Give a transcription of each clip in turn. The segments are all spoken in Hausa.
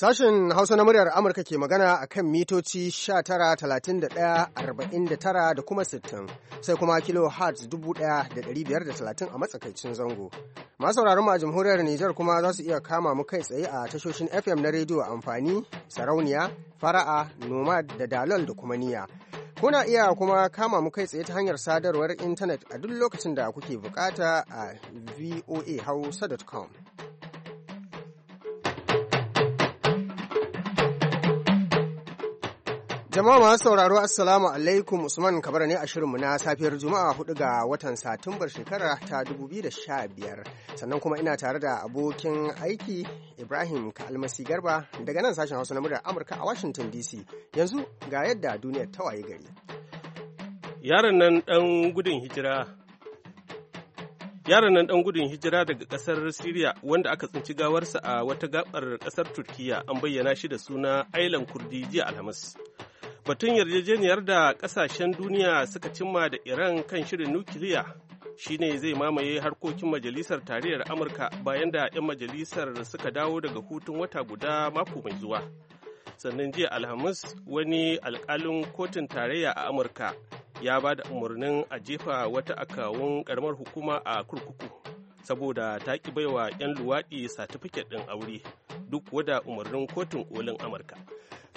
Sashen Hausa na muryar Amurka ke magana a kan mitoci 19,31,49 da kuma 60 sai kuma kilo hertz 1,530 a matsakaicin zango. Masu mu a jamhuriyar Nijar kuma za su iya kama mu kai tsaye a tashoshin FM na rediyo amfani, sarauniya, fara'a, nomad da dalol da kuma niya. Kuna iya kuma kama mu kai tsaye ta hanyar sadarwar intanet a duk lokacin da kuke bukata a voahausa.com. Jama'a masu sauraro Assalamu alaikum Usman Kabara ne a shirin mu na safiyar Juma'a 4 ga watan Satumbar shekara ta 2015 sannan kuma ina tare da abokin aiki Ibrahim Kalmasi Garba daga nan sashen Hausa na muryar Amurka a Washington DC yanzu ga yadda duniyar ta waye gari. Yaron nan ɗan gudun hijira Yaron nan ɗan gudun hijira daga ƙasar Siriya wanda aka tsinci gawarsa a wata gabar ƙasar Turkiya an bayyana shi da suna Ailan Kurdi jiya Alhamis. Batun yarjejeniyar da ƙasashen duniya suka cimma da Iran kan shirin nukiliya shine zai mamaye harkokin majalisar tarayyar Amurka bayan da 'yan majalisar suka dawo daga hutun wata guda mako mai zuwa. Sannan jiya Alhamis wani alkalin kotun tarayya a Amurka ya ba da umarnin a jefa wata akawun karamar hukuma a kurkuku saboda ta ki baiwa 'yan luwaɗi satifiket ɗin aure duk wada umarnin kotun olin Amurka.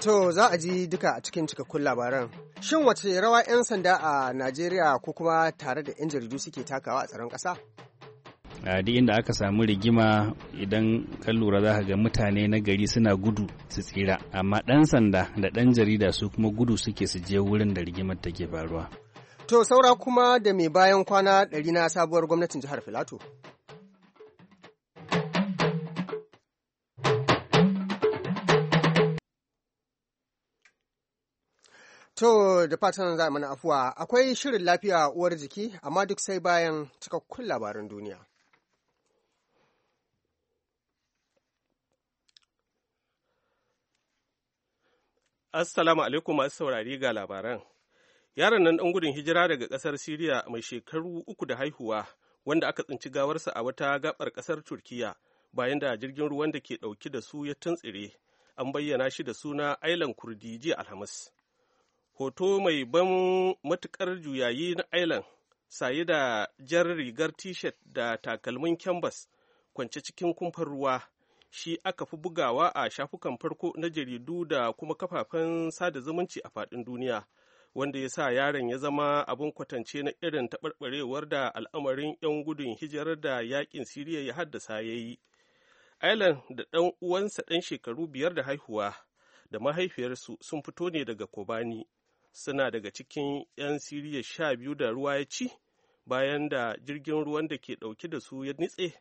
To za a ji duka a cikin cikakkun labaran. Shin wace rawa 'yan sanda a Najeriya ko kuma tare da 'yan jaridu suke takawa a tsaron ƙasa? a duk inda aka samu rigima idan kan lura za ga mutane na gari suna gudu su tsira amma ɗan sanda da ɗan jarida su kuma gudu suke su je wurin da rigimar take faruwa to saura kuma da mai bayan kwana ɗari na sabuwar gwamnatin jihar filato To da fatan za mana afuwa akwai shirin lafiya uwar jiki amma duk sai bayan cikakkun labaran duniya. Assalamu alaikum masu saurari ga labaran. Yaron nan ɗan gudun hijira daga ƙasar Siriya mai shekaru uku da haihuwa wanda aka tsinci gawarsa a wata gabar ƙasar Turkiyya, bayan da jirgin ruwan da ke ɗauki da su ya tuntsire an bayyana shi da suna Ailan Kurdi jiya Alhamis. hoto mai ban matuƙar juyayi na island saye da jar rigar t-shirt da takalmin canvas kwance cikin kumfar ruwa shi aka fi bugawa a shafukan farko na jaridu da kuma kafafen sada zumunci a faɗin duniya wanda ya sa yaron ya zama abin kwatance na irin taɓarɓarewar da al'amarin 'yan gudun hijirar da yakin siriya ya haddasa ya yi Island da ɗan uwansa ɗan shekaru biyar da haihuwa da mahaifiyarsu sun fito ne daga Kobani suna daga cikin 'yan siriya sha biyu da ruwa ya ci bayan da jirgin ruwan da ke ɗauke da su ya nitse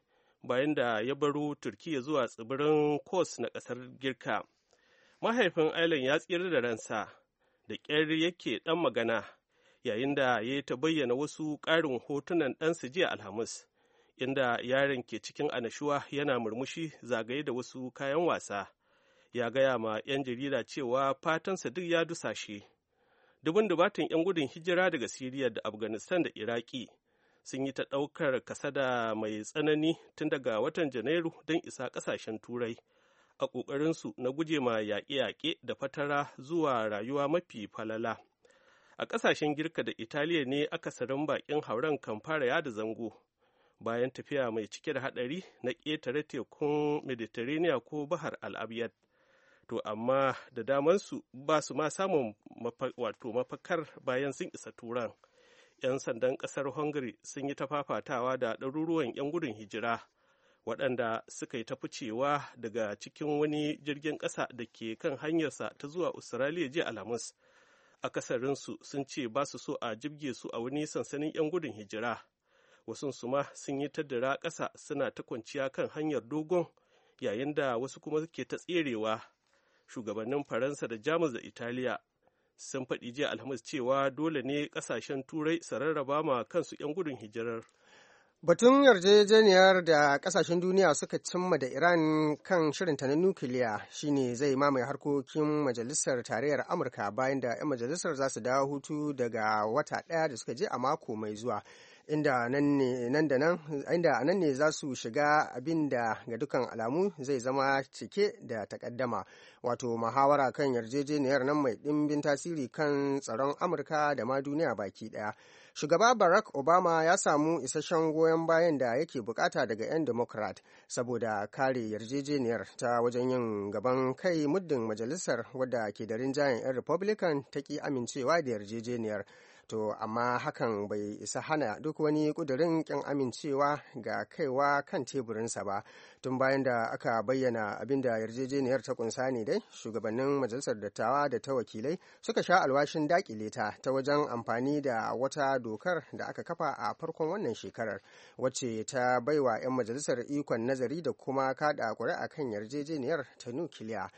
bayan da ya baro turkiya zuwa tsibirin kos na ƙasar girka mahaifin ailan ya tsira da ransa da ƙyar yake ɗan magana yayin da ya ta bayyana wasu ƙarin hotunan ɗansa jiya alhamis inda yaron ke cikin anashuwa yana murmushi zagaye da wasu kayan wasa ya gaya ma 'yan jarida cewa fatansa duk ya dusashe dubun dubatin 'yan gudun hijira daga siriya da afghanistan da iraki sun yi ta ɗaukar kasada mai tsanani tun daga watan janairu don isa ƙasashen turai a ƙoƙarinsu na guje ma yaƙe-yaƙe da fatara zuwa rayuwa mafi falala a ƙasashen girka da italiya ne aka sarin baƙin hauren kan fara yada zango bayan tafiya mai cike da haɗari na ƙetare tekun mediterranean ko bahar al'abyad to amma da damansu ba su ma samun wato mafakar bayan sun isa turan 'yan sandan ƙasar hungary sun yi tafafatawa da ɗaruruwan 'yan gudun hijira waɗanda suka yi ta ficewa daga cikin wani jirgin ƙasa da ke kan hanyarsa ta zuwa australia jiya alhamis akasarinsu sun ce ba su so a jibge su a wani sansanin 'yan gudun hijira wasu su ma sun yi ta dira ƙasa suna ta kwanciya kan hanyar dogon yayin da wasu kuma ke ta tserewa shugabannin faransa da jamus da italiya sun faɗi jiya alhamis cewa dole ne ƙasashen turai su rarraba ma kansu 'yan gudun hijirar Batun yarjejeniyar da kasashen duniya suka cimma da Iran kan shirinta na nukiliya shine zai mamaye harkokin majalisar tarayyar Amurka bayan da 'yan majalisar za su dawo hutu daga wata ɗaya da suka je a mako mai zuwa. inda a nan ne za su shiga abin da ga dukan alamu zai zama cike da takaddama wato muhawara kan yarjejeniyar nan mai ɗimbin tasiri kan tsaron amurka da ma duniya baki ɗaya shugaba barack obama ya samu isasshen goyon bayan da yake bukata daga 'yan democrat saboda kare yarjejeniyar ta wajen yin gaban kai muddin majalisar wadda ke da rinjayen 'yan republican ta ki amincewa da yarjejeniyar to amma hakan bai isa hana duk wani kudurin kin amincewa ga kaiwa kan teburinsa ba tun bayan da aka bayyana abin da yarjejeniyar ta kunsa ne dai shugabannin majalisar dattawa da ta wakilai suka sha alwashin dakile ta ta wajen amfani da wata dokar da aka kafa a farkon wannan shekarar wacce ta baiwa 'yan majalisar ikon nazari da kuma kada kuri'a kan yarjejeniyar ta nukiliya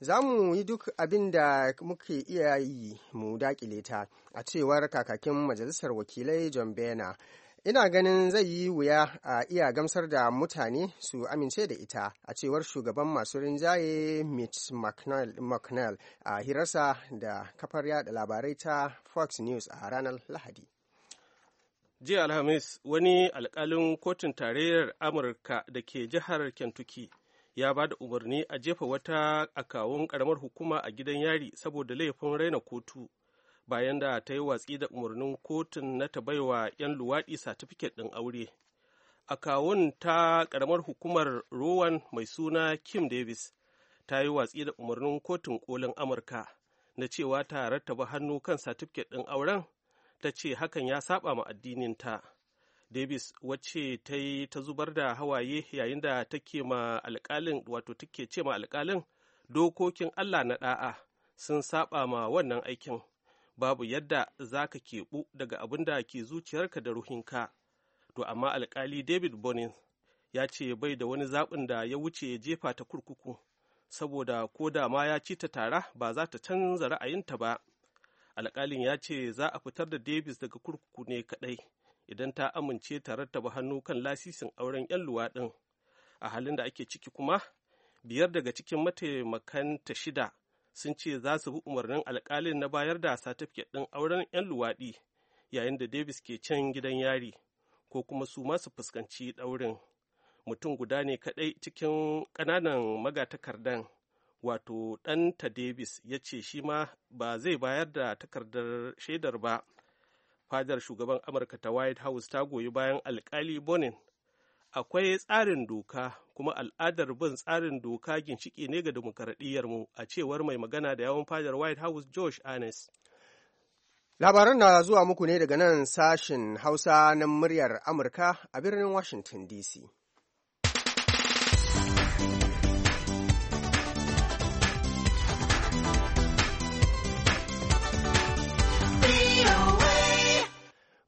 za mu yi duk abin da muke iya yi mu dakile ta a cewar kakakin majalisar wakilai john bena ina ganin zai yi wuya a iya gamsar da mutane su amince da ita a cewar shugaban masu rinjaye mitch mcnell a hirarsa da kafar yada labarai ta fox news a ranar lahadi jiya alhamis wani alkalin kotun tarayyar amurka da ke jihar kentucky ya ba da umarni a jefa wata akawun karamar hukuma a gidan yari saboda laifin raina kotu bayan da ta yi watsi da umarnin kotun na ta baiwa 'yan luwaɗi satifiket ɗin aure akawun ta karamar hukumar rowan mai suna kim davis ta yi watsi da umarnin kotun kolin amurka na cewa ta rattaba hannu kan satifiket ɗin auren ta ce hakan ya saba ma addininta. davis wacce ta yi ta zubar da hawaye yayin da take ma alkalin wato take ce ma alkalin dokokin allah na da'a sun saba ma wannan aikin babu yadda za ka keɓu daga abin da ke zuciyarka da ruhinka to amma alkali david bonin ya ce bai da wani zaɓin da ya wuce jefa ta kurkuku saboda ko da ma ya ci ta tara ba za ta canza ra'ayinta ba alkalin ya ce za a fitar da davis daga kurkuku ne kaɗai idan ta amince ta rattaba hannu kan lasisin auren 'yan luwaɗin a halin da ake ciki kuma biyar daga cikin mataimakanta shida sun ce za su bi umarnin alkalin na bayar da satifiket ɗin auren 'yan luwaɗi yayin da davis ke can gidan yari ko kuma su masu fuskanci ɗaurin mutum guda ne kaɗai cikin ƙananan magatakardan wato ɗanta davis ya ce shi ma ba zai bayar da takardar shaidar ba fadar shugaban amurka ta white house ta goyi bayan alkali bonin akwai tsarin doka kuma al'adar bin tsarin doka ginshiki ne ga mu a cewar mai magana da yawon fadar white house josh arnes labaran na zuwa muku ne daga nan sashen hausa na muryar amurka a birnin washington dc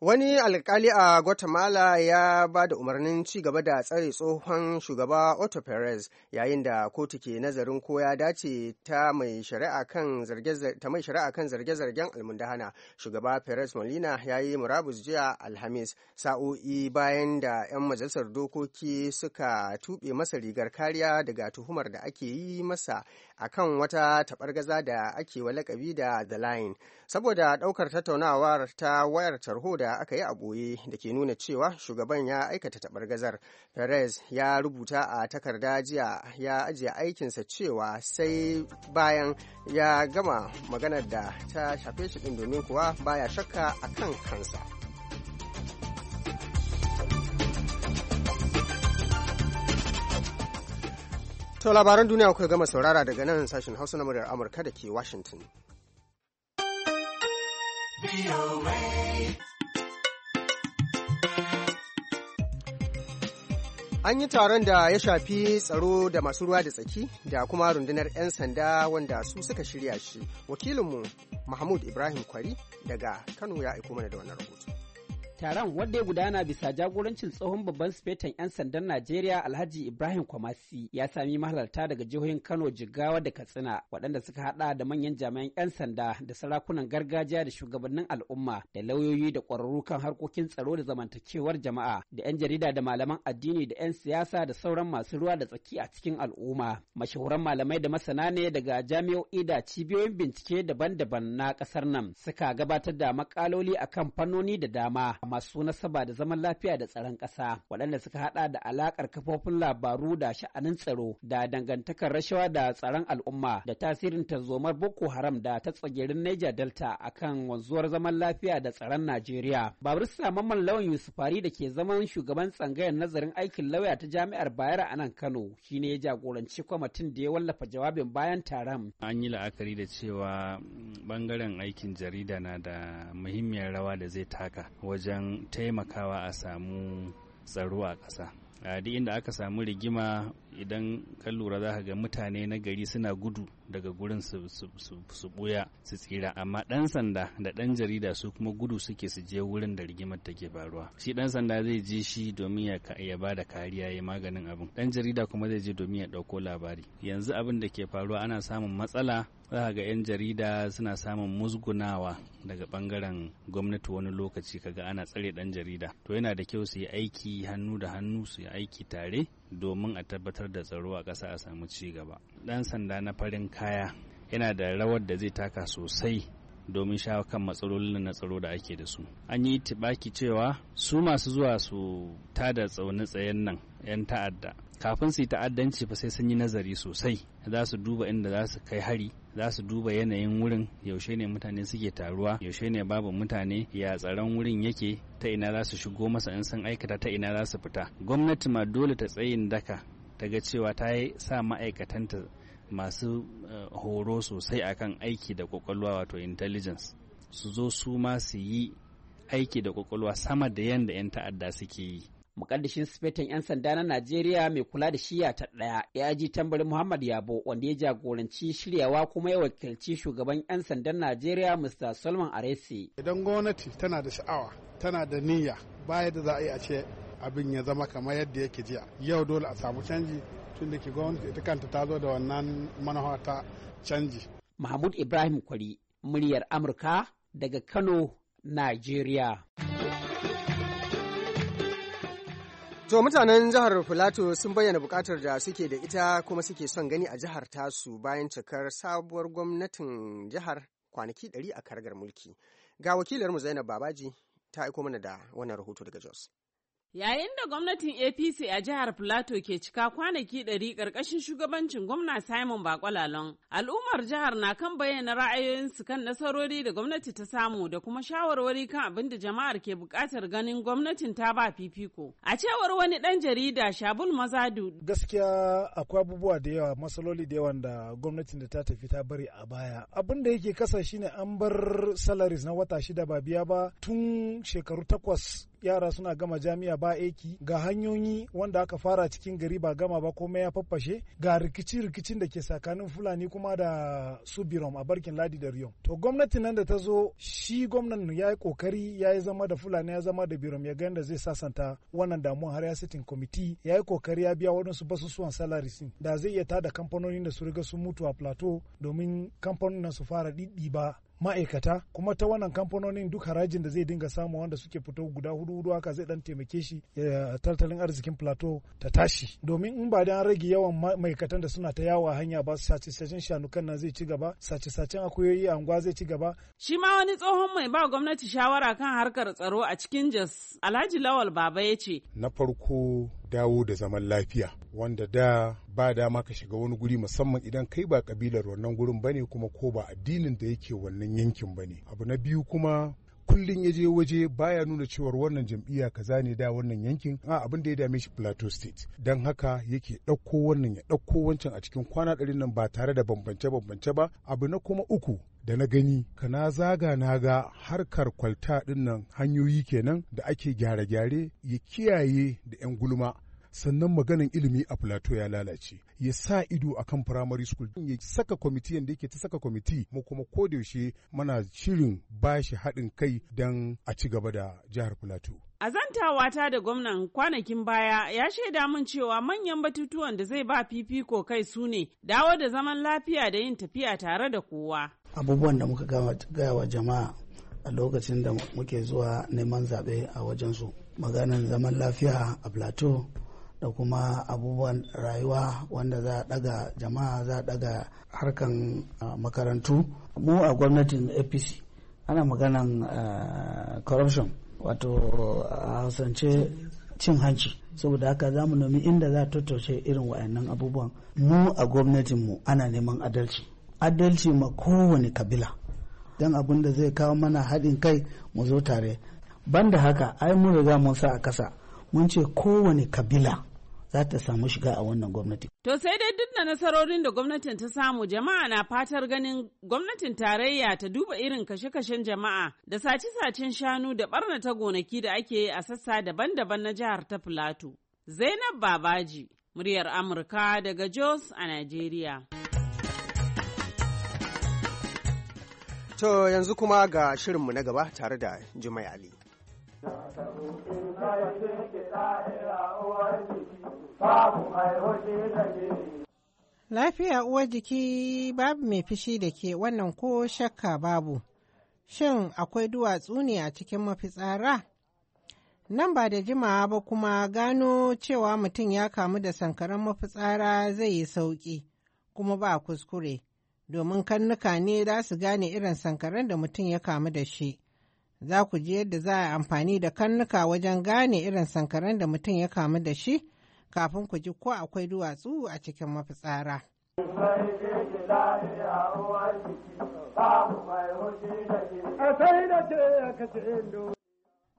Wani alkali a Guatemala ya ba da umarnin ci gaba da tsare tsohon shugaba Otto Perez yayin da kotu ke nazarin ko ya dace ta mai shari'a kan zarge-zargen almundahana. Shugaba Perez Molina ya yi murabus jiya Alhamis sa'o'i bayan da 'yan majalisar dokoki suka tuɓe masa rigar kariya daga tuhumar da ake yi masa akan wata taɓargaza da ake walakabi da The Line. saboda daukar tattaunawar ta wayar tarho da aka yi a ɓoye da ke nuna cewa shugaban ya aikata taɓargazar perez ya rubuta a takarda jiya ya ajiye aikinsa cewa sai bayan ya gama maganar da ta shafe shi ɗin domin kuwa baya shakka a kan kansa To labaran duniya kuka gama saurara daga nan sashen Hausa na muryar Amurka da ke Washington. An yi taron da ya shafi tsaro da masu ruwa da tsaki da kuma rundunar 'yan sanda wanda su suka shirya shi. Wakilinmu Mahmud Ibrahim Kwari daga Kano ya aiko mana da wannan rahoto. Taron wadda ya gudana bisa jagorancin tsohon babban sifetan 'yan sandan Najeriya Alhaji Ibrahim Kwamasi ya sami mahalarta daga jihohin Kano, Jigawa da Katsina waɗanda suka haɗa da manyan jami'an 'yan sanda da sarakunan gargajiya da shugabannin al'umma da lauyoyi da ƙwararru kan harkokin tsaro da zamantakewar jama'a da 'yan jarida da malaman addini da 'yan siyasa da sauran masu ruwa da tsaki a cikin al'umma. Mashahuran malamai da masana ne daga jami'o'i da cibiyoyin bincike daban-daban na ƙasar nan suka gabatar da makaloli akan fannoni da dama. masu nasaba da zaman lafiya da tsaron ƙasa waɗanda suka haɗa da alaƙar kafofin labaru da sha'anin tsaro da dangantakar rashawa da tsaron al'umma da tasirin tazomar Boko Haram da ta tsagirin Niger Delta akan wanzuwar zaman lafiya da tsaron Najeriya. sa Mamman Lawan Yusufari da ke zaman shugaban tsangayar nazarin aikin lauya ta Jami'ar Bayero a nan Kano shine ya jagoranci kwamitin da ya wallafa jawabin bayan taron. An yi la'akari da cewa bangaren aikin jarida na da muhimmiyar rawa da zai taka wajen wajen taimakawa a samu tsaro a ƙasa a duk inda aka samu rigima idan ka lura za ka ga mutane na gari suna gudu daga gurin su buya su tsira amma ɗan sanda da ɗan jarida su kuma gudu suke su je wurin da rigimar take faruwa shi dan sanda zai je shi domin ya ba da kariya ya maganin abin ɗan jarida kuma zai je domin ya ɗauko labari yanzu abin da ke faruwa ana samun matsala za ga 'yan jarida suna samun musgunawa daga bangaren gwamnati wani lokaci kaga ana tsare dan jarida to yana da kyau su yi aiki hannu da hannu su yi aiki tare domin a tabbatar da tsaro a ƙasa a samu ci gaba dan sanda na farin kaya yana da rawar da zai taka sosai domin shawo kan matsalolin na tsaro da ake da su an yi tibaki cewa su masu zuwa su tada tsaunin tsayen nan 'yan ta'adda kafin su yi ta'addanci fa sai sun yi nazari sosai za su duba inda za su kai hari za su duba yanayin wurin yaushe ne mutane suke taruwa yaushe ne babu mutane ya tsaron wurin yake ta ina za su shigo masa in sun aikata ta ina za su fita gwamnati ma dole ta tsayin daka ta ga cewa ta yi sa ma'aikatanta masu eh, horo sosai akan aiki da kwakwalwa wato intelligence su zo su ma su yi aiki da kwakwalwa sama da yadda 'yan ta'adda suke yi mukaddishin Sifatan 'yan sanda na Najeriya mai kula da shiya ta ɗaya ya ji tambarin Muhammad Yabo wanda ya jagoranci shiryawa kuma ya wakilci shugaban 'yan sandan Najeriya Mr. Solomon Aresi. Idan gwamnati tana da sha'awa tana da niyya baya da za a yi a ce abin ya zama kamar yadda yake jiya yau dole a samu canji tun da ke gwamnati ita kanta ta zo da wannan manufa ta canji. Mahmud Ibrahim Kwari muryar Amurka daga Kano, Najeriya. To mutanen jihar Filato sun bayyana bukatar da suke da ita kuma suke son gani a jihar tasu bayan cikar sabuwar gwamnatin jihar kwanaki 100 a kargar mulki. Ga wakilarmu Zainab Babaji ta aiko mana da wannan rahoto daga Jos. Yayin da gwamnatin APC a jihar Filato ke cika kwanaki ɗari ƙarƙashin shugabancin gwamna Simon Bakwalalon, al'ummar jihar na kan bayyana ra'ayoyinsu kan nasarori da gwamnati ta samu da kuma shawarwari kan abin da jama'ar ke buƙatar ganin gwamnatin ta ba fifiko. A cewar wani ɗan jarida Shabul Mazadu. Gaskiya akwai abubuwa da yawa masaloli da yawa da gwamnatin da ta tafi ta bari a baya. Abin da yake kasa shine an bar salaries na wata shida ba biya ba tun shekaru takwas yara suna gama jami'a ba aiki ga hanyoyi wanda aka fara cikin gari ba gama ba komai ya faffashe ga rikici-rikicin da ke tsakanin fulani kuma da su birom a barkin ladi da riyom to gwamnatin nan da ta zo shi gwamnan ya yi kokari ya yi zama da fulani ya zama da birom ya ga da zai sasanta wannan damuwa har ya sitin kwamiti ya yi kokari ya biya waɗansu basusuwan salaris da zai iya tada kamfanonin da su riga sun mutu a plateau domin kamfanonin su fara ba. ma'aikata kuma ta wannan kamfanonin duk harajin da zai dinga samu wanda suke fito guda hudu hudu haka zai dan taimake shi tattalin arzikin plateau ta tashi domin in ba dan rage yawan ma'aikatan da suna ta yawo a hanya ba sace sacen shanukan nan zai ci gaba sace sacen akuyoyi a unguwa zai ci gaba shi ma wani tsohon mai ba gwamnati shawara kan harkar tsaro a cikin Jos Alhaji Lawal Baba ya ce na farko dawo da zaman lafiya wanda da ba dama ka shiga wani guri musamman idan kai ba kabilar wannan gurin bane kuma ko ba addinin da yake wannan yankin bane abu na biyu kuma kullum ya je waje baya nuna cewar wannan jam'iyya kaza ne da wannan yankin a abin da ya dame shi plateau state don haka yake ɗauko wannan ya ɗauko wancan a cikin kwana ɗari nan ba tare da bambance-bambance ba abu na kuma uku da na gani ka na zaga na ga harkar kwalta ɗin nan hanyoyi kenan da ake gyare-gyare ya kiyaye da 'yan gulma sannan maganin ilimi a plateau ya lalace ya sa ido a akan primary school ya saka kwamiti yadda yake ta saka kwamiti mu kuma ko da yaushe shirin bashi haɗin kai don a ci gaba da jihar plateau a zantawata da gwamnan kwanakin baya ya shaida min cewa manyan batutuwan da zai ba fifiko kai su ne dawo da zaman lafiya da yin tafiya tare da kowa. Abubuwan da muka gaya wa jama'a a lokacin da muke zuwa neman zaɓe a wajen su maganin zaman lafiya a plateau da kuma abubuwan rayuwa wanda za a daga jama'a za a daga harkan makarantu mu a gwamnatin apc ana maganan corruption wato a hausance cin hanci saboda haka za mu nomi inda za a tattaushe irin wa'annan abubuwan mu a gwamnatinmu ana neman adalci adalci ma kowane kabila don abin da zai kawo mana haɗin kai mu zo tare banda haka ai mun riga mun sa a kasa mun ce kowane kabila za ta samu shiga a wannan gwamnati. To sai dai duk da nasarorin da gwamnatin ta samu jama'a na fatar ganin gwamnatin tarayya ta duba irin kashe-kashen jama'a da sace-sacen shanu da barnata gonaki da ake yi a sassa daban-daban na jihar ta Filato. Zainab Babaji, muryar Amurka daga Jos a Najeriya. To yanzu kuma ga shirinmu na gaba tare da Jumai Ali. Lafiya uwar jiki babu mai fishi da ke wannan ko shakka babu. Shin akwai duwatsu ne a cikin mafitsara? Nan ba da jimawa ba kuma gano cewa mutum ya kamu da sankaran mafitsara zai yi sauƙi, kuma ba kuskure, domin kannuka ne za su gane irin sankaran da mutum ya kamu da shi. za ku ji yadda za a amfani da karnuka wajen gane irin sankaran da mutum ya kamu da shi kafin ku ji ko akwai duwatsu a cikin mafitsara.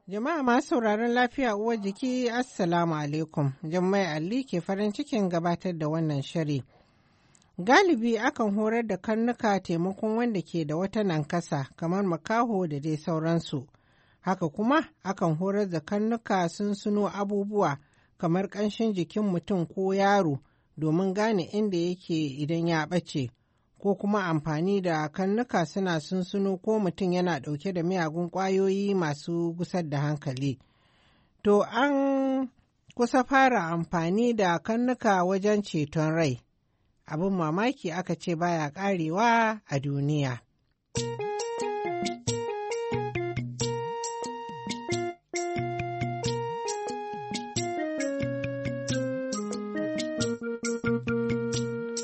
Jama'a masu sauraron lafiya uwar jiki Assalamu alaikum. Jummai Ali ke farin cikin gabatar da wannan shari'a. Galibi akan horar da karnuka taimakon wanda ke da wata nankasa kamar makaho da dai sauransu. Haka kuma akan horar da karnuka sun suno abubuwa kamar ƙanshin jikin mutum ko yaro domin gane inda yake idan ya ɓace, ko kuma amfani da karnuka suna sunsuno ko mutum yana ɗauke da miyagun ƙwayoyi masu gusar da hankali. To an kusa fara amfani da karnuka wajen ceton rai. abin mamaki aka ce baya karewa a duniya.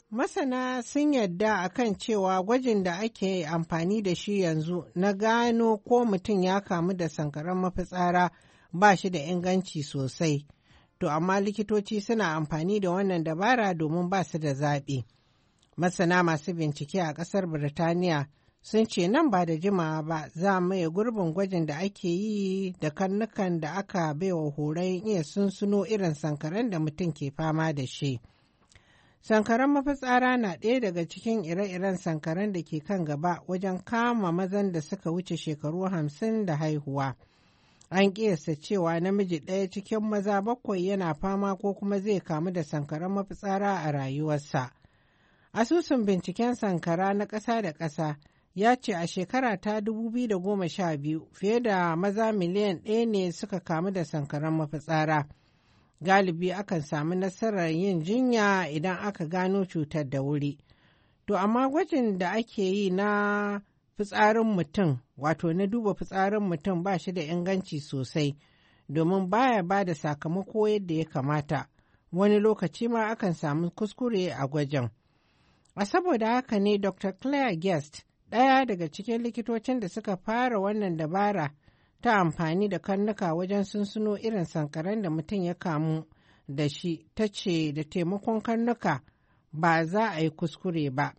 Masana sun yadda akan cewa gwajin da ake amfani da shi yanzu na gano ko mutum ya kamu da sankaran mafitsara ba shi da inganci sosai. to amma likitoci suna amfani da wannan dabara domin ba su da zaɓi. Masana masu bincike a ƙasar Birtaniya sun ce nan ba da jimawa ba za mu yi gurbin gwajin da ake yi da karnukan da aka baiwa horai iya sunsuno irin sankaran da mutum ke fama da shi. Sankaran mafitsara na ɗaya daga cikin ire-iren sankaran da ke kan gaba wajen kama mazan da suka wuce shekaru hamsin da haihuwa. An kiyasta cewa namiji ɗaya cikin maza bakwai yana fama ko kuma zai kamu da sankaran mafitsara a rayuwarsa. Asusun binciken sankara na ƙasa da ƙasa ya ce a shekara ta 2012 fiye da maza miliyan ɗaya ne suka kamu da sankaran mafitsara. Galibi akan samu nasarar yin jinya idan aka gano cutar da wuri. To amma gwajin da ake yi na fitsarin mutum wato na duba fitsarin mutum ba shi da inganci sosai domin baya ba da sakamako yadda ya kamata wani lokaci ma akan samu kuskure a gwajin a saboda haka ne dr claire guest ɗaya daga cikin likitocin da suka fara wannan dabara ta amfani da karnuka wajen sunsuno irin sankaran da mutum ya kamu da shi ta ce da taimakon karnuka ba za a yi kuskure ba.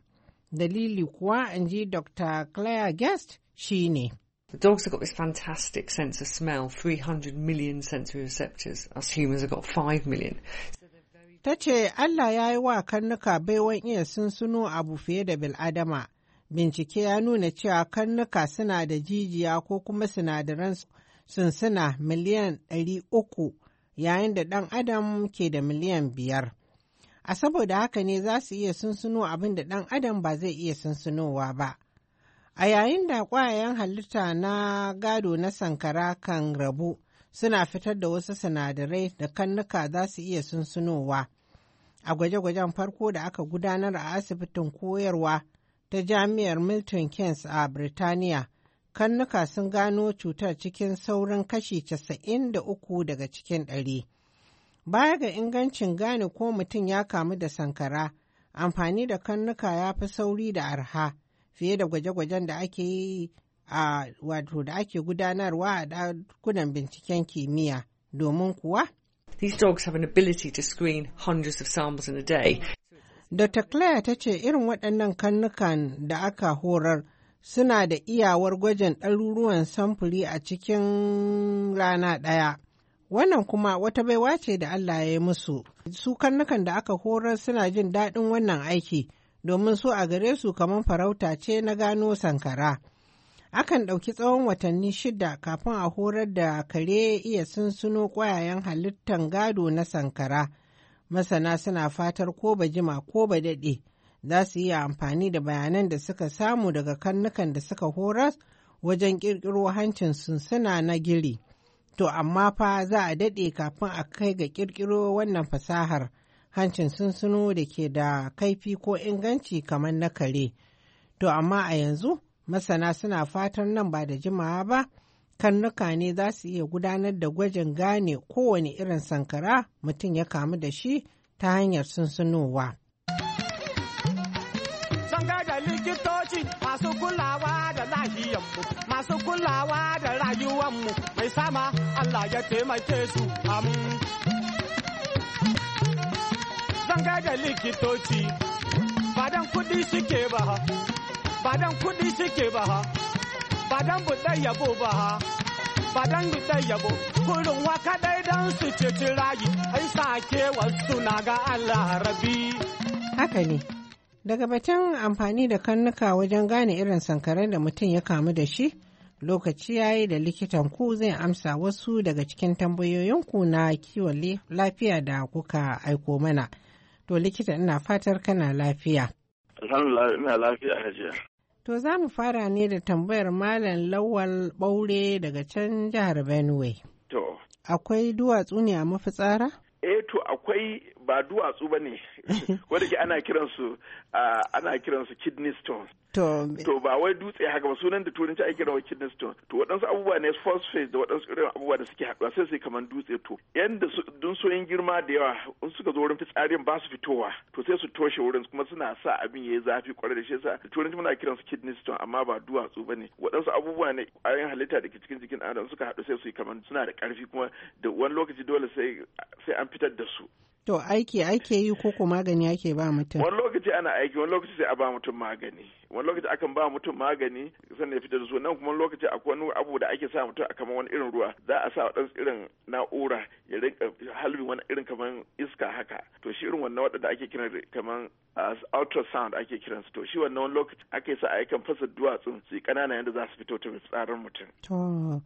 Dalili kuwa, in ji Dr. Claire Guest, shi ne. The dogs have got this fantastic sense of smell, 300 million sensory receptors. Us humans have got 5 million. Ta ce Allah ya yi wa karnuka baiwan iya sunsuno abu fiye da bil'adama. Bincike ya nuna cewa karnuka suna da jijiya ko kuma sinadaran sunsuna miliyan 300 yayin da ɗan adam ke da miliyan biyar. a saboda haka ne za su iya sunsuno abin da ɗan adam ba zai iya sunsunowa ba. A yayin da ƙwayayen halitta na gado na sankara kan rabu suna fitar da wasu sinadarai da kannuka za su iya sunsunowa. A gwaje-gwajen farko da aka gudanar a asibitin koyarwa ta jami'ar Milton Keynes a Birtaniya, kannuka sun gano cutar cikin saurin kashi 93 daga cikin ɗari. Baya ga ingancin gane ko mutum ya kamu da sankara, amfani da kannuka ya fi sauri da arha fiye da gwaje-gwajen da ake yi a wato da ake gudanarwa a ɗakunan binciken kimiyya domin kuwa. These dogs have an ability to screen hundreds of samples Dr. Claire ta ce irin waɗannan kannukan da aka horar suna da iyawar gwajin ɗaruruwan samfuri a cikin rana ɗaya. Wannan kuma wata baiwa ce da Allah ya yi musu. Su karnukan da aka horar suna jin daɗin wannan aiki domin su a gare su kamar farauta ce na gano sankara. Akan ɗauki tsawon watanni shida kafin a horar da kare iya sunsuno ƙwayayen halittan gado na sankara. Masana suna fatar ko ba jima ko ba daɗe za su iya amfani da bayanan da suka samu daga karnukan da suka horas wajen ƙirƙiro hancin sunsuna na giri. To amma fa za a daɗe kafin a kai ga ƙirƙiro wannan fasahar hancin sunsuno da ke da kaifi ko inganci kamar na kare. To amma a yanzu masana suna fatan nan ba da jimawa ba, karnuka ne za su iya gudanar da gwajin gane kowane irin sankara mutum ya kamu da shi ta hanyar sunsunowa. Sanga da likitoci masu kulawa da lahiyanmu. masu kulawa da rayuwanmu mai sama Allah ya taimake su amu. Zan gaga likitoci, badan kudi shike ba ha, badan kudi shike ba ha, badan buɗe yabo ba ha, badan buɗe yabo, kurin waka kadai don su ceci rayu, ai sake wasu na ga Allah rabi. Haka ne. daga batun amfani da kannuka wajen gane irin sankarar da mutum ya kamu da shi lokaci yayi da likitan ku zai amsa wasu daga cikin tambayoyinku na kiwon lafiya da kuka aiko mana. To likita ina fatar kana lafiya. ina lafiya hajiya. To za mu fara ne da tambayar Malam Lawal Ɓaure daga can jihar Benue. To. Akwai duwatsu ne a mafitsara? Eh to akwai ba duwatsu ba ne wadda ke ana kiransu ana kiransu kidney stones to ba wai dutse haka ba sunan da turanci ake kiran kidney stones to waɗansu abubuwa ne phosphate da waɗansu irin abubuwa da suke haɗuwa sai sai kamar dutse to yanda dun soyin girma da yawa in suka zo wurin fitsarin ba su fitowa to sai su toshe wurin kuma suna sa abin yayi zafi kwarai da shi yasa da turanci muna kiransu kidney stones amma ba duwatsu ba ne waɗansu abubuwa ne ƙwayoyin halitta da ke cikin jikin adam suka haɗu sai su yi kamar suna da ƙarfi kuma da wani lokaci dole sai an fitar da su To aiki ake yi ko magani ake ba mutum? Wani lokaci ana aiki, wani lokaci sai a ba mutum magani. wani lokaci akan ba mutum magani sannan ya fitar da su nan kuma lokaci akwai wani abu da ake sa mutum a kamar wani irin ruwa za a sa dan irin na'ura ya rinka halbi wani irin kamar iska haka to shi irin wannan wadanda ake kiran kamar as ultrasound ake kiran su to shi wannan wani lokaci ake sa a yakan fasa duwatsun su kanana yadda za su fito ta tsarin mutum to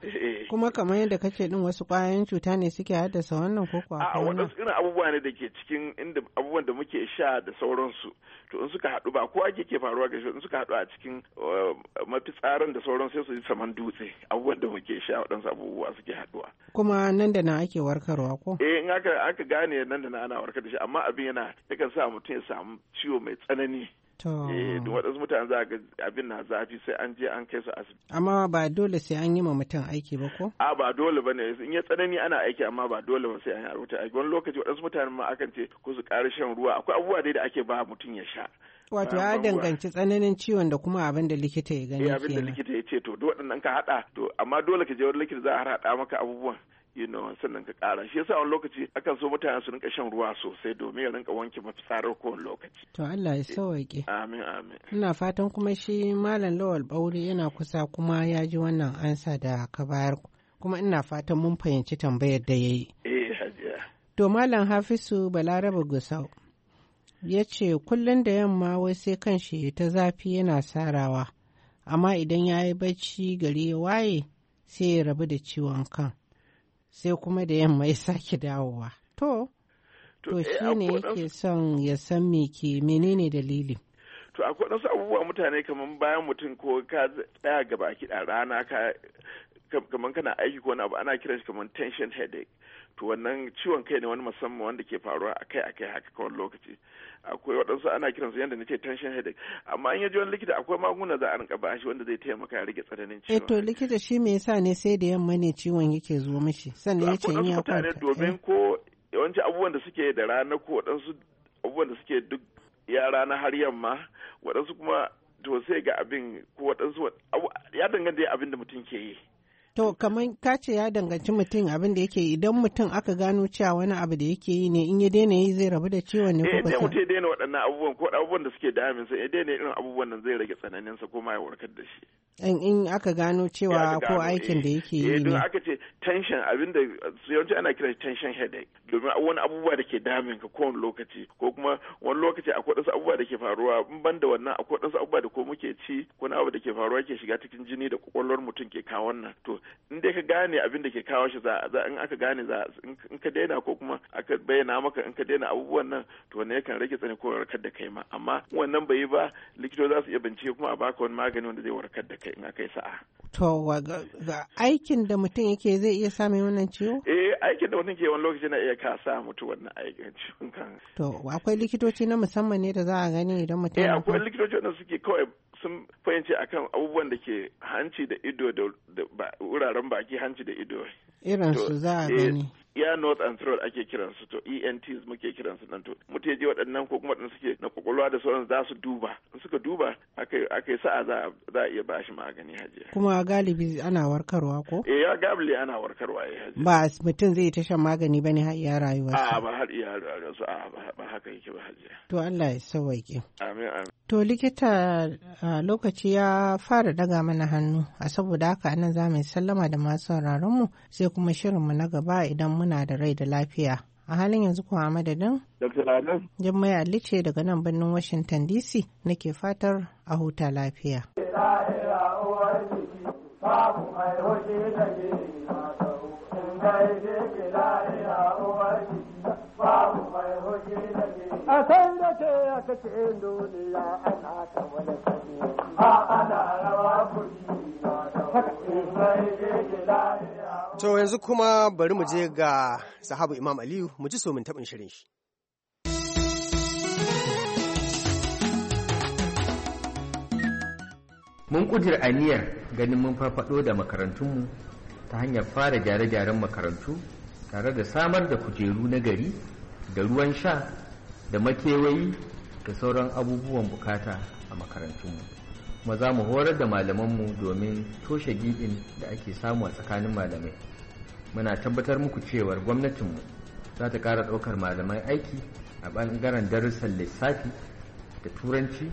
eh. kuma kamar yadda kake din wasu kwayoyin cuta ne suke haddasa wannan ko kuwa a wadansu irin abubuwa ne da ke cikin inda abubuwan da muke sha da sauransu to in suka haɗu ba kowa ke faruwa ga shi suka haɗu a cikin eh, mafitsarin da sauran sai su yi saman dutse abubuwan da muke sha waɗansu abubuwa suke haɗuwa. Kuma nan da na ake warkarwa ko? Eh in aka aka gane nan da na ana warkar da shi amma abin yana yakan sa mutum ya samu ciwo mai tsanani. Eh duk waɗansu mutane za ga abin na zafi sai an je an kai su asibiti. Amma ba dole sai an yi ma mutum aiki ba ko? A ba dole ba ne in ya tsanani ana aiki amma ba dole ba sai an yi a aiki wani lokaci waɗansu mutane ma akan ce ko su ƙara shan ruwa akwai abubuwa dai da ake ba mutum ya sha. Wato ya danganci tsananin ciwon da kuma abin da likita ya gani. Eh abin da likita ya ce to duk waɗannan ka haɗa to amma dole ka je wani likita za a haɗa maka abubuwan. you know sannan ka ƙara shi yasa wani lokaci akan so mutane su rinka shan ruwa sosai domin ya rinka wanke mafitsarar kowane lokaci to Allah ya sauwaƙe amin amin ina fatan kuma shi malam lawal baure yana kusa kuma ya ji wannan ansa da ka bayar kuma ina fatan mun fahimci tambayar da ya yi. eh hajiya to malam Hafisu Balaraba Gusau ya ce kullum da yamma wai sai kan shi ta zafi yana sarawa amma idan ya yi bacci gari ya waye sai ya rabu da ciwon kan sai kuma da yamma ya sake dawowa to to eh, shi ne yake son ya san me ke menene dalili to akwai wasu abubuwa mutane kamar bayan mutum ko ka tsaya gaba kiɗa rana ka kamar kana aiki ko wani abu ana kiran shi kamar tension headache to wannan ciwon kai ne wani musamman wanda ke faruwa a kai a kai haka kawai lokaci akwai waɗansu ana kiransu yadda ce tension headache amma an ya ji wani likita akwai magunguna za a rinka ba shi wanda zai taimaka ya rage tsananin ciwon eh to likita shi me yasa ne sai da yamma ne ciwon yake zo mishi sannan ya ce in ya kwanta domin ko yawanci abubuwan da suke da rana ko waɗansu abubuwan da suke duk ya rana har yamma waɗansu kuma to sai ga abin ko waɗansu ya danganta abin da mutum ke yi To kamar ka ce ya danganci mutum abin da yake idan mutum aka gano cewa wani abu da yake yi ne in ya daina yi zai rabu da ciwon ne ko eh, ba. Eh mutum ya daina waɗannan abubuwan ko abubuwan da suke damin sa ya daina irin abubuwan nan zai rage tsananin sa ko ma ya warkar da shi. In in aka gano cewa ko aikin da eh. yake yi eh, ne. Eh aka ce tension abin da yawanci ana kira tension headache domin wani abubuwa da ke damin ka kowane lokaci ko kuma wani lokaci akwai wasu abubuwa da ke faruwa in ban da wannan akwai wasu abubuwa da ko muke ci ko na abu da ke faruwa ke shiga cikin jini da kwakwalwar mutum ke kawo wannan to in dai ka gane abin da ke kawo shi za in aka gane za in ka daina ko kuma aka bayyana maka in ka daina abubuwan nan to wannan yakan rage tsani ko warkar da kai ma amma wannan bai yi ba likito za su iya bincike kuma a baka wani magani wanda zai warkar da kai in aka yi sa'a. To ga aikin da mutum yake zai iya samun wannan ciwo? Eh aikin da mutum ke wani lokaci na iya ka sa mutu wannan aikin ciwon kan. To akwai likitoci na musamman ne da za a gani idan mutum. Eh akwai likitoci wanda suke kawai sun fahimci akan abubuwan da ke hanci da ido da wuraren baki hanci da ido. Irin za a eh, gani. ya north and south ake kiransu to ENTs muke kiransu dan to mutum je waɗannan ko kuma suke na kokolwa da sauran za su duba suka duba akai akai sa za a iya ba shi magani hajiya kuma galibi ana warkarwa ko eh ya galibi ana warkarwa eh hajiya ba mutum zai ta shan magani ba har iya rayuwa a ba har iya rayuwa a ba haka yake ba hajiya to Allah ya sauwaƙe amin amin to likita lokaci ya fara daga mana hannu a saboda haka anan za mu sallama da masu sauraron mu sai kuma shirin mu na gaba idan muna da rai da lafiya. A halin yanzu kuwa madadin? Dr. Ladan. Jummai daga nan birnin Washington DC nake fatar a huta lafiya. A ce To yanzu kuma bari mu je ga sahabu Imam Aliyu mu ji so mun taɓin shirin shi. Mun ƙudir aniyar ganin mun farfaɗo da makarantunmu ta hanyar fara gyare-gyaren makarantu tare da samar da kujeru na gari da ruwan sha da makewayi da sauran abubuwan bukata a makarantunmu kuma za mu horar da malamanmu domin toshe gibin da ake samu a tsakanin malamai muna tabbatar muku cewar gwamnatinmu za ta ƙara ɗaukar malamai aiki a ɓangaren darussan lissafi da turanci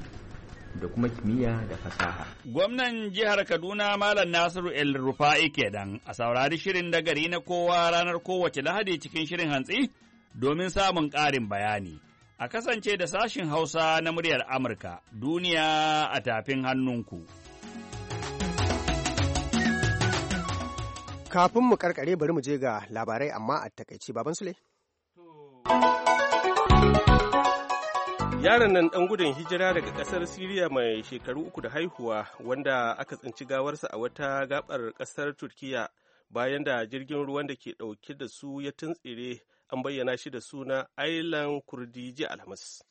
da kuma kimiyya da fasaha. Gwamnan jihar Kaduna Malam Nasiru El Rufa'i kenan a saurari shirin da gari na kowa ranar kowace Lahadi cikin shirin hantsi domin samun ƙarin bayani. a kasance da sashin Hausa na muryar Amurka duniya a tafin hannunku. Kafin mu karkare bari mu je ga labarai amma a takaici baban Sule. Yaron nan ɗan gudun hijira daga ƙasar Siriya mai shekaru uku da haihuwa wanda aka tsinci gawarsa a wata gabar ƙasar Turkiya bayan da jirgin ruwan da ke ɗauke da su ya tuntsire an bayyana shi da suna Ailan Kurdi jiya Alhamis.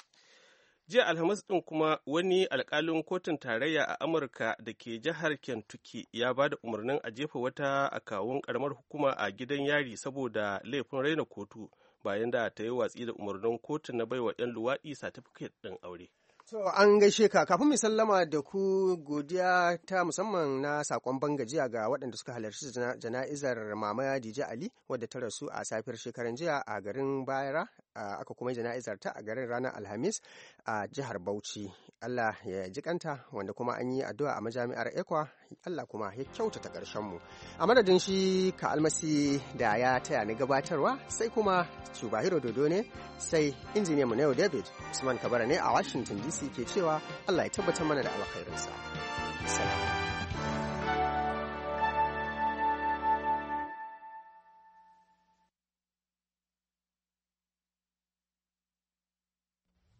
Jiya Alhamis ɗin kuma wani alkalin kotun tarayya a Amurka da ke jihar Kentucky ya ba da umarnin a jefa wata a kawun ƙaramar hukuma a gidan yari saboda laifin raina kotu bayan da ta yi watsi da umarnin kotun na baiwa 'yan luwaɗi satifiket ɗin aure. To an gaishe ka kafin mu sallama da ku godiya ta musamman na sakon bangajiya ga waɗanda suka halarci jana'izar mama Dije Ali wadda ta rasu a safiyar shekaran jiya a garin Bara, aka kuma jana'izar ta a garin ranar Alhamis a jihar Bauchi. Allah ya ji kanta wanda kuma an yi addu'a a majami'ar Ekwa, Allah kuma ya kyautata ƙarshenmu. A madadin shi ka almasi da ya taya ni gabatarwa sai kuma Shubahiro Dodo ne sai injiniyanmu na yau David Usman Kabara ne a Washington DC ke cewa Allah ya tabbatar mana da alkhairinsa. Salam.